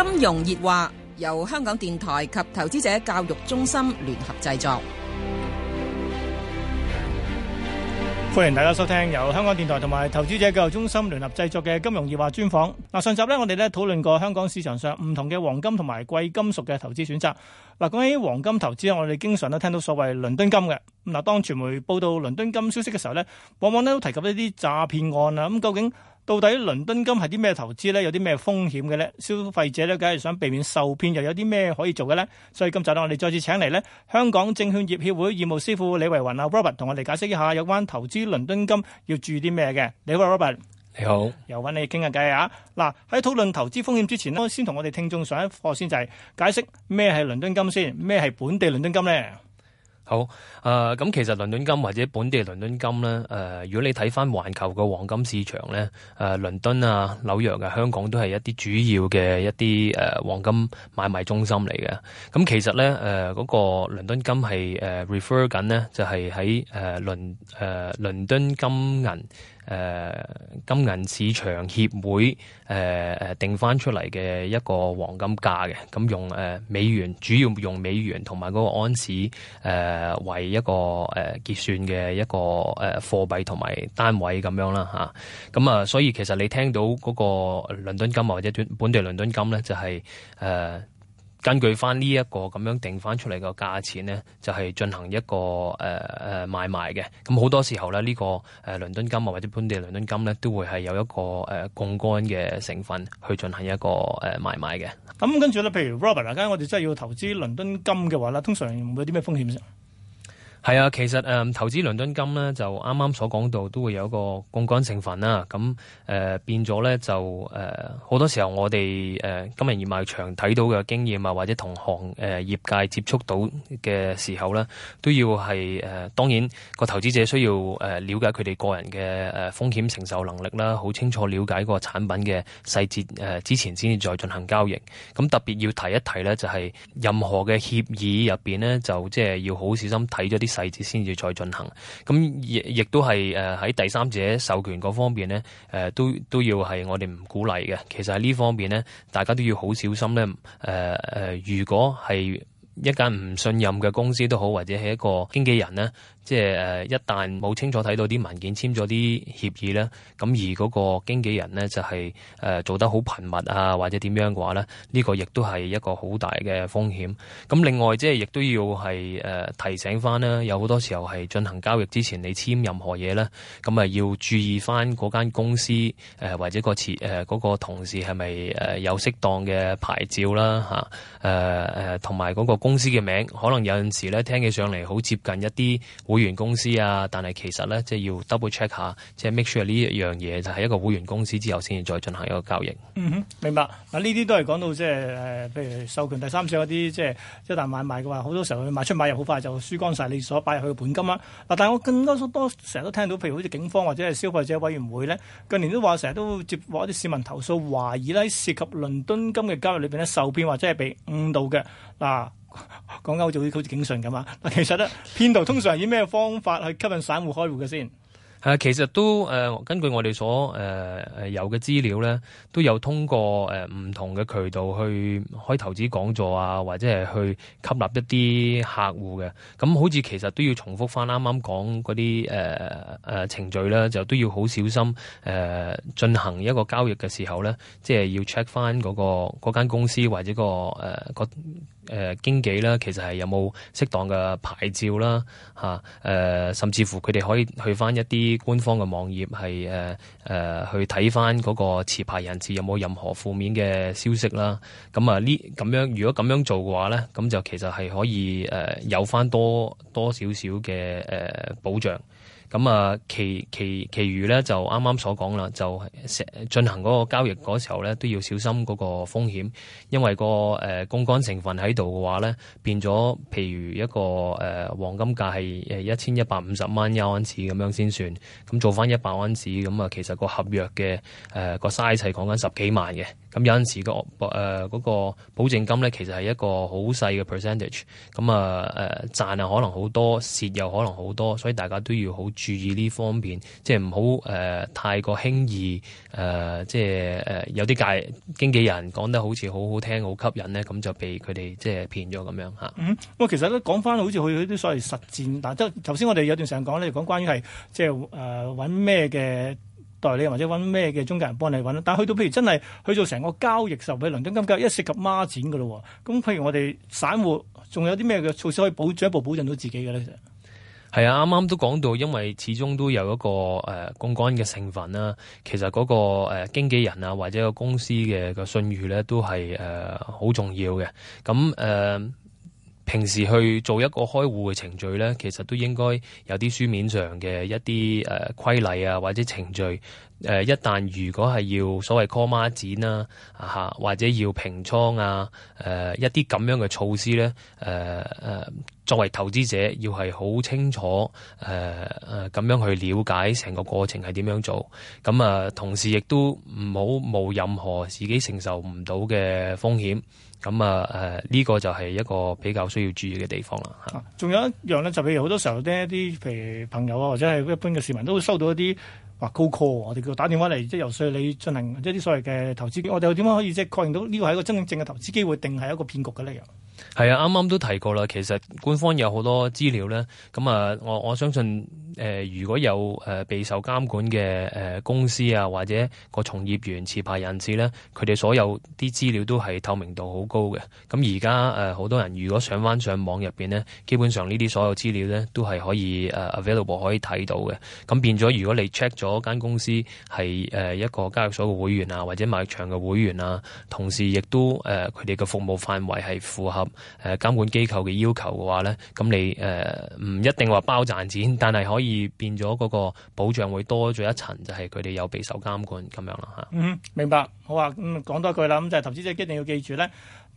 金融熱話由香港電台及投資者教育中心聯合製作。歡迎大家收聽由香港電台同埋投資者教育中心聯合製作嘅金融熱話專訪。嗱，上集我哋咧討論過香港市場上唔同嘅黃金同埋貴金屬嘅投資選擇。嗱，講起黃金投資，我哋經常都聽到所謂倫敦金嘅。嗱，當傳媒報道倫敦金消息嘅時候呢，往往都提及一啲詐騙案啊。咁究竟？到底倫敦金係啲咩投資咧？有啲咩風險嘅咧？消費者咧，梗係想避免受騙，又有啲咩可以做嘅咧？所以今集咧，我哋再次請嚟咧，香港證券業協會義務師傅李維云啊，Robert 同我哋解釋一下有關投資倫敦金要注意啲咩嘅。你好，Robert。你好。你好又搵你傾下偈啊！嗱、啊，喺討論投資風險之前咧，先同我哋聽眾上一課先，就係解釋咩係倫敦金先，咩係本地倫敦金咧。好，誒、呃、咁其實倫敦金或者本地倫敦金咧，誒、呃、如果你睇翻環球個黃金市場咧，誒、呃、倫敦啊、紐約啊、香港都係一啲主要嘅一啲誒黃金買賣中心嚟嘅。咁其實咧，誒、呃、嗰、那個倫敦金係 refer 緊呢，就係喺誒倫倫敦金銀。誒、呃、金銀市場協會誒誒定翻出嚟嘅一個黃金價嘅，咁用、呃、美元，主要用美元同埋嗰個安士誒為一個、呃、結算嘅一個、呃、貨幣同埋單位咁樣啦吓，咁啊，啊所以其實你聽到嗰個倫敦金或者本地倫敦金咧、就係，就係誒。根據翻呢一個咁樣定翻出嚟個價錢咧，就係、是、進行一個誒誒、呃、買賣嘅。咁好多時候咧，呢、這個誒倫敦金或者本地倫敦金咧，都會係有一個誒槓桿嘅成分去進行一個誒買賣嘅。咁跟住咧，譬如 Robert，大家我哋真係要投資倫敦金嘅話呢，通常會有啲咩風險？係啊，其實誒、嗯、投資倫敦金咧，就啱啱所講到都會有一個槓桿成分啦。咁誒、呃、變咗咧，就誒好、呃、多時候我哋誒今日熱賣場睇到嘅經驗啊，或者同行誒、呃、業界接觸到嘅時候咧，都要係誒、呃、當然個投資者需要誒瞭、呃、解佢哋個人嘅誒、呃、風險承受能力啦，好清楚了解個產品嘅細節誒之前先至再進行交易。咁、嗯、特別要提一提咧，就係、是、任何嘅協議入邊咧，就即係要好小心睇咗啲。細節先至再進行，咁亦亦都係、呃、喺第三者授權嗰方面呢、呃，都都要係我哋唔鼓勵嘅。其實喺呢方面呢，大家都要好小心呢、呃呃。如果係一間唔信任嘅公司都好，或者係一個經紀人呢。即係誒，一旦冇清楚睇到啲文件，簽咗啲協議啦。咁而嗰個經紀人呢，就係誒做得好頻密啊，或者點樣嘅話呢，呢個亦都係一個好大嘅風險。咁另外即係亦都要係提醒翻啦，有好多時候係進行交易之前你簽任何嘢啦。咁啊要注意翻嗰間公司誒或者個誒嗰個同事係咪有適當嘅牌照啦嚇，同埋嗰個公司嘅名，可能有陣時呢，聽起上嚟好接近一啲會員公司啊，但係其實咧，即係要 double check 下，即係 make sure 呢一樣嘢就係一個會員公司之後，先至再進行一個交易。嗯哼，明白。嗱，呢啲都係講到即係誒，譬如授權第三者嗰啲，即係一旦買賣嘅話，好多時候佢賣出買入好快就輸光晒你所擺入去嘅本金啦。嗱，但我更多數多成日都聽到，譬如好似警方或者係消費者委員會咧，近年都話成日都接獲一啲市民投訴，懷疑咧涉及倫敦金嘅交易裏邊咧受騙或者係被誤導嘅嗱。講歐就會好似警訊咁啊。但其實咧，騙徒通常以咩方法去吸引散戶開戶嘅先係啊？其實都誒，根據我哋所誒誒有嘅資料咧，都有通過誒唔同嘅渠道去開投資講座啊，或者係去吸納一啲客戶嘅。咁好似其實都要重複翻啱啱講嗰啲誒誒程序咧，就都要好小心誒進行一個交易嘅時候咧，即係要 check 翻嗰個嗰間公司或者個誒個。誒、呃、經紀啦，其實係有冇適當嘅牌照啦，嚇、啊呃、甚至乎佢哋可以去翻一啲官方嘅網頁，係、呃、去睇翻嗰個持牌人士有冇任何負面嘅消息啦。咁啊呢咁樣，如果咁樣做嘅話咧，咁就其實係可以誒、呃、有翻多多少少嘅誒保障。咁啊，其其其餘咧就啱啱所講啦，就進行嗰個交易嗰時候咧都要小心嗰個風險，因為、那個誒、呃、公幹成分喺度嘅話咧，變咗譬如一個誒、呃、黃金價係誒一千一百五十蚊一盎司咁樣先算，咁做翻一百盎司咁啊，其實個合約嘅誒個 size 係講緊十幾萬嘅。咁有陣時、呃那個誒嗰保證金咧，其實係一個好細嘅 percentage、嗯。咁啊誒賺啊可能好多，蝕又可能好多，多，所以大家都要好注意呢方面，即係唔好誒太過輕易誒、呃，即係誒有啲界經紀人講得好似好好聽、好吸引咧，咁就被佢哋即係騙咗咁樣嚇。嗯，其實咧講返好似去啲所謂實戰，但即係頭先我哋有段時間講咧，講關於係即係誒揾咩嘅。呃代理或者揾咩嘅中介人幫你揾，但係去到譬如真係去做成個交易時候嘅倫敦金一涉及孖展嘅咯喎，咁譬如我哋散戶仲有啲咩嘅措施可以進一步保障到自己嘅咧？其實係啊，啱啱都講到，因為始終都有一個誒、呃、公關嘅成分啦，其實嗰、那個誒、呃、經紀人啊或者個公司嘅個信譽咧都係誒好重要嘅，咁誒。呃平時去做一個開戶嘅程序咧，其實都應該有啲書面上嘅一啲誒規例啊，或者程序。誒、呃、一旦如果係要所謂 call 孖展啦、啊、嚇、啊，或者要平倉啊，誒、呃、一啲咁樣嘅措施咧，誒、呃、誒作為投資者要係好清楚，誒誒咁樣去了解成個過程係點樣做，咁啊同時亦都唔好冇任何自己承受唔到嘅風險，咁啊誒呢、啊這個就係一個比較需要注意嘅地方啦嚇。仲、啊啊、有一樣咧，就是、譬如好多時候咧，啲譬如朋友啊，或者係一般嘅市民都會收到一啲。哇，cold call，我哋叫打電話嚟，即係遊說你進行，即啲所謂嘅投資機會，我哋又點樣可以即係確認到呢個係一個真正嘅投資機會定係一個騙局嘅理由？係啊，啱啱都提過啦。其實官方有好多資料呢。咁啊，我我相信、呃、如果有誒備、呃、受監管嘅、呃、公司啊，或者個從業員持牌人士呢，佢哋所有啲資料都係透明度好高嘅。咁而家好多人如果上翻上網入面呢，基本上呢啲所有資料呢都係可以、呃、available 可以睇到嘅。咁變咗，如果你 check 咗間公司係、呃、一個交易所嘅會員啊，或者賣場嘅會員啊，同時亦都誒佢哋嘅服務範圍係符合，誒，監管機構嘅要求嘅話呢，咁你誒唔、呃、一定話包賺錢，但係可以變咗嗰個保障會多咗一層，就係佢哋有備受監管咁樣啦吓。嗯，明白，好啊，咁、嗯、講多句啦，咁就係投資者一定要記住呢，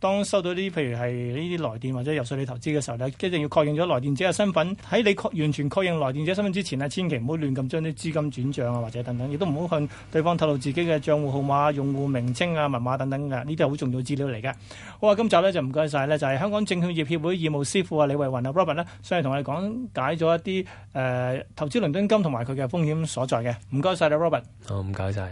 當收到啲譬如係呢啲來電或者遊說你投資嘅時候咧，一定要確認咗來電者嘅身份。喺你確完全確認來電者身份之前咧，千祈唔好亂咁將啲資金轉賬啊，或者等等，亦都唔好向對方透露自己嘅賬戶號碼、用戶名稱啊、密碼等等嘅，呢啲係好重要資料嚟嘅。好啊，今集呢就唔該晒咧。就係、是、香港證券業協會義務師傅啊，李慧雲 Robert, 啊，Robert 呢，所以同我哋講解咗一啲誒、呃、投資倫敦金同埋佢嘅風險所在嘅。唔該晒啦，Robert。好唔該晒。